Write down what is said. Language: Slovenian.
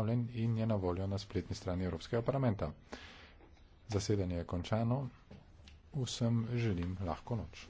objavljen in je na voljo na spletni strani Evropskega parlamenta. Zasedanje je končano. Vsem želim lahko noč.